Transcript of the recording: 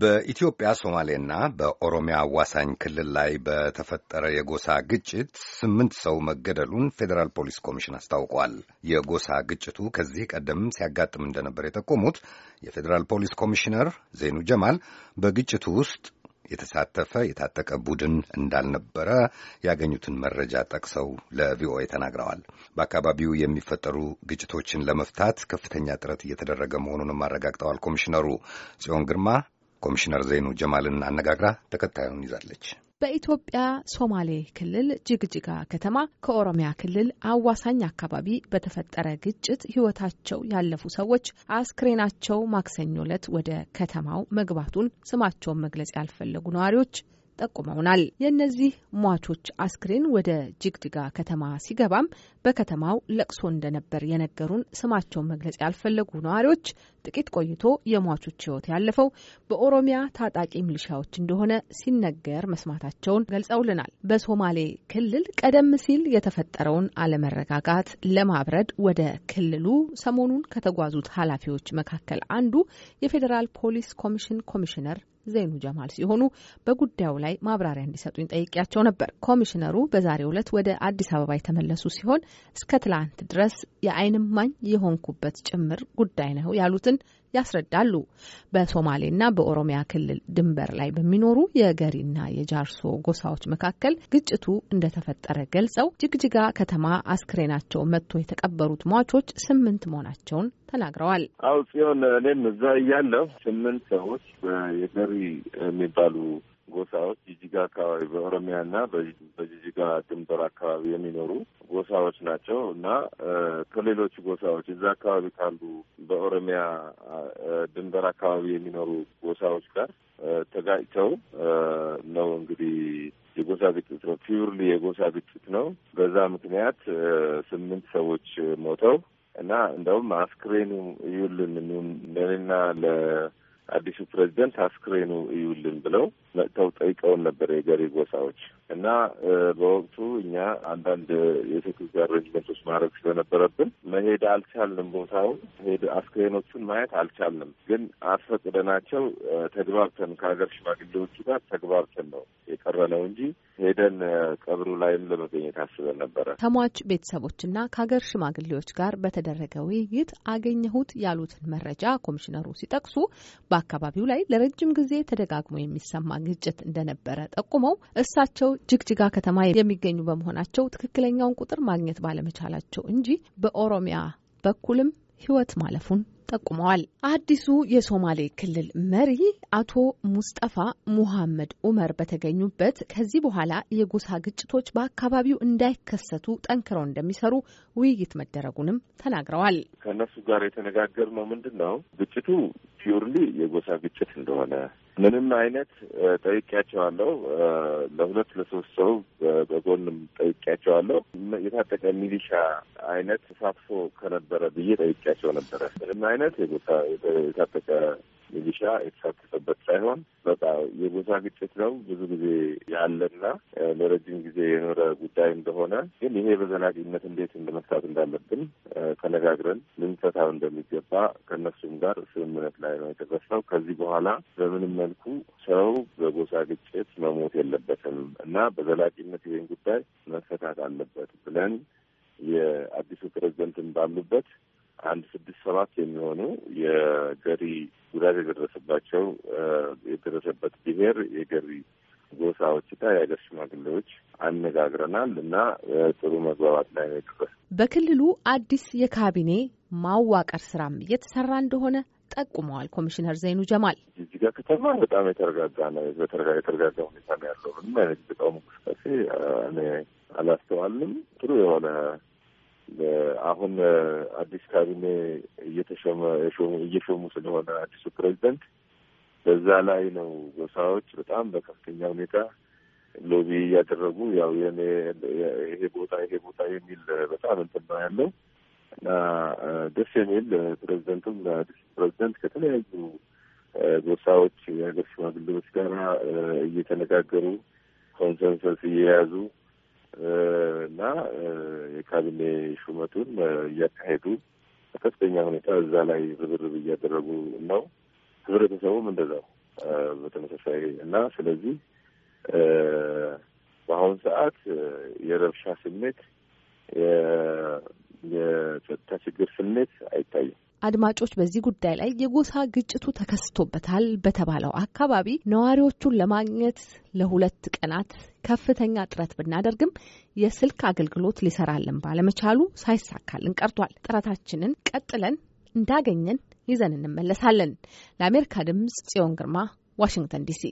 በኢትዮጵያ ሶማሌና በኦሮሚያ አዋሳኝ ክልል ላይ በተፈጠረ የጎሳ ግጭት ስምንት ሰው መገደሉን ፌዴራል ፖሊስ ኮሚሽን አስታውቋል። የጎሳ ግጭቱ ከዚህ ቀደም ሲያጋጥም እንደነበር የጠቆሙት የፌዴራል ፖሊስ ኮሚሽነር ዜኑ ጀማል በግጭቱ ውስጥ የተሳተፈ የታጠቀ ቡድን እንዳልነበረ ያገኙትን መረጃ ጠቅሰው ለቪኦኤ ተናግረዋል። በአካባቢው የሚፈጠሩ ግጭቶችን ለመፍታት ከፍተኛ ጥረት እየተደረገ መሆኑንም አረጋግጠዋል። ኮሚሽነሩ ጽዮን ግርማ ኮሚሽነር ዘይኑ ጀማልን አነጋግራ ተከታዩን ይዛለች። በኢትዮጵያ ሶማሌ ክልል ጅግጅጋ ከተማ ከኦሮሚያ ክልል አዋሳኝ አካባቢ በተፈጠረ ግጭት ሕይወታቸው ያለፉ ሰዎች አስክሬናቸው ማክሰኞ ዕለት ወደ ከተማው መግባቱን ስማቸውን መግለጽ ያልፈለጉ ነዋሪዎች ጠቁመውናል። የእነዚህ ሟቾች አስክሬን ወደ ጅግጅጋ ከተማ ሲገባም በከተማው ለቅሶ እንደነበር የነገሩን ስማቸውን መግለጽ ያልፈለጉ ነዋሪዎች ጥቂት ቆይቶ የሟቾች ሕይወት ያለፈው በኦሮሚያ ታጣቂ ሚሊሻዎች እንደሆነ ሲነገር መስማታቸውን ገልጸውልናል። በሶማሌ ክልል ቀደም ሲል የተፈጠረውን አለመረጋጋት ለማብረድ ወደ ክልሉ ሰሞኑን ከተጓዙት ኃላፊዎች መካከል አንዱ የፌዴራል ፖሊስ ኮሚሽን ኮሚሽነር ዘይኑ ጀማል ሲሆኑ በጉዳዩ ላይ ማብራሪያ እንዲሰጡኝ ጠይቄያቸው ነበር። ኮሚሽነሩ በዛሬው ዕለት ወደ አዲስ አበባ የተመለሱ ሲሆን እስከ ትላንት ድረስ የአይንማኝ የሆንኩበት ጭምር ጉዳይ ነው ያሉትን ያስረዳሉ። በሶማሌና በኦሮሚያ ክልል ድንበር ላይ በሚኖሩ የገሪና የጃርሶ ጎሳዎች መካከል ግጭቱ እንደተፈጠረ ገልጸው ጅግጅጋ ከተማ አስክሬናቸው መጥቶ የተቀበሩት ሟቾች ስምንት መሆናቸውን ተናግረዋል። አው ጽዮን፣ እኔም እዛ እያለሁ ስምንት ሰዎች የገሪ የሚባሉ ጎሳዎች ጂጂጋ አካባቢ በኦሮሚያና በጂጂጋ ድንበር አካባቢ የሚኖሩ ጎሳዎች ናቸው እና ከሌሎች ጎሳዎች እዛ አካባቢ ካሉ በኦሮሚያ ድንበር አካባቢ የሚኖሩ ጎሳዎች ጋር ተጋጭተው ነው እንግዲህ የጎሳ ግጭት ነው። ፒውርሊ የጎሳ ግጭት ነው። በዛ ምክንያት ስምንት ሰዎች ሞተው እና እንደውም አስክሬኑ ይውልን ለእኔና አዲሱ ፕሬዚደንት አስክሬኑ እዩልን ብለው መጥተው ጠይቀውን ነበር የገሪ ጎሳዎች እና በወቅቱ እኛ አንዳንድ የሴኩሪቲ አሬንጅመንቶች ማድረግ ስለነበረብን መሄድ አልቻልንም። ቦታውን ሄድ አስክሬኖቹን ማየት አልቻልንም። ግን አስፈቅደናቸው ተግባብተን ከሀገር ሽማግሌዎቹ ጋር ተግባብተን ነው የቀረ ነው እንጂ ሄደን ቀብሩ ላይም ለመገኘት አስበን ነበረ። ከሟች ቤተሰቦችና ከሀገር ሽማግሌዎች ጋር በተደረገ ውይይት አገኘሁት ያሉትን መረጃ ኮሚሽነሩ ሲጠቅሱ በአካባቢው ላይ ለረጅም ጊዜ ተደጋግሞ የሚሰማ ግጭት እንደነበረ ጠቁመው እሳቸው ጅግጅጋ ከተማ የሚገኙ በመሆናቸው ትክክለኛውን ቁጥር ማግኘት ባለመቻላቸው እንጂ በኦሮሚያ በኩልም ሕይወት ማለፉን ጠቁመዋል። አዲሱ የሶማሌ ክልል መሪ አቶ ሙስጠፋ ሙሐመድ ኡመር በተገኙበት ከዚህ በኋላ የጎሳ ግጭቶች በአካባቢው እንዳይከሰቱ ጠንክረው እንደሚሰሩ ውይይት መደረጉንም ተናግረዋል። ከእነሱ ጋር የተነጋገርነው ምንድን ነው ግጭቱ ፒውርሊ የጎሳ ግጭት እንደሆነ ምንም አይነት ጠይቄያቸዋለሁ። ለሁለት ለሶስት ሰው በጎንም ጠይቄያቸዋለሁ። የታጠቀ ሚሊሻ አይነት ተሳትፎ ከነበረ ብዬ ጠይቄያቸው ነበረ። ምንም አይነት የታጠቀ ሚሊሻ የተሳተፈበት ሳይሆን በቃ የጎሳ ግጭት ነው ብዙ ጊዜ ያለና ለረጅም ጊዜ የኖረ ጉዳይ እንደሆነ ግን ይሄ በዘላቂነት እንዴት እንደመፍታት እንዳለብን ተነጋግረን ልንፈታው እንደሚገባ ከእነሱም ጋር ስምምነት ላይ ነው የደረስነው። ከዚህ በኋላ በምንም መልኩ ሰው በጎሳ ግጭት መሞት የለበትም እና በዘላቂነት ይሄን ጉዳይ መፈታት አለበት ብለን የአዲሱ ፕሬዝደንትን ባሉበት አንድ ስድስት ሰባት የሚሆኑ የገሪ ጉዳት የደረሰባቸው የደረሰበት ብሔር የገቢ ጎሳዎች ጎሳዎችና የሀገር ሽማግሌዎች አነጋግረናል እና ጥሩ መግባባት ላይ ነው የደረስ። በክልሉ አዲስ የካቢኔ ማዋቀር ስራም እየተሰራ እንደሆነ ጠቁመዋል። ኮሚሽነር ዘይኑ ጀማል ጅጅጋ ከተማ በጣም የተረጋጋ ነው፣ የተረጋጋ ሁኔታ ነው ያለው። ምንም አይነት ተቃውሞ እንቅስቃሴ እኔ አላስተዋልም። ጥሩ የሆነ አሁን አዲስ ካቢኔ እየሾሙ ስለሆነ አዲሱ ፕሬዚደንት በዛ ላይ ነው ጎሳዎች በጣም በከፍተኛ ሁኔታ ሎቢ እያደረጉ ያው የኔ ይሄ ቦታ ይሄ ቦታ የሚል በጣም እንትን ነው ያለው እና ደስ የሚል ፕሬዚደንቱም አዲሱ ፕሬዚደንት ከተለያዩ ጎሳዎች የሀገር ሽማግሌዎች ጋር እየተነጋገሩ ኮንሰንሰስ እየያዙ እና የካቢኔ ሹመቱን እያካሄዱ በከፍተኛ ሁኔታ እዛ ላይ ርብርብ እያደረጉ ነው። ህብረተሰቡም እንደዛው በተመሳሳይ እና ስለዚህ በአሁኑ ሰዓት የረብሻ ስሜት፣ የጸጥታ ችግር ስሜት አይታይም። አድማጮች በዚህ ጉዳይ ላይ የጎሳ ግጭቱ ተከስቶበታል በተባለው አካባቢ ነዋሪዎቹን ለማግኘት ለሁለት ቀናት ከፍተኛ ጥረት ብናደርግም የስልክ አገልግሎት ሊሰራልን ባለመቻሉ ሳይሳካልን ቀርቷል። ጥረታችንን ቀጥለን እንዳገኘን ይዘን እንመለሳለን። ለአሜሪካ ድምጽ ጽዮን ግርማ ዋሽንግተን ዲሲ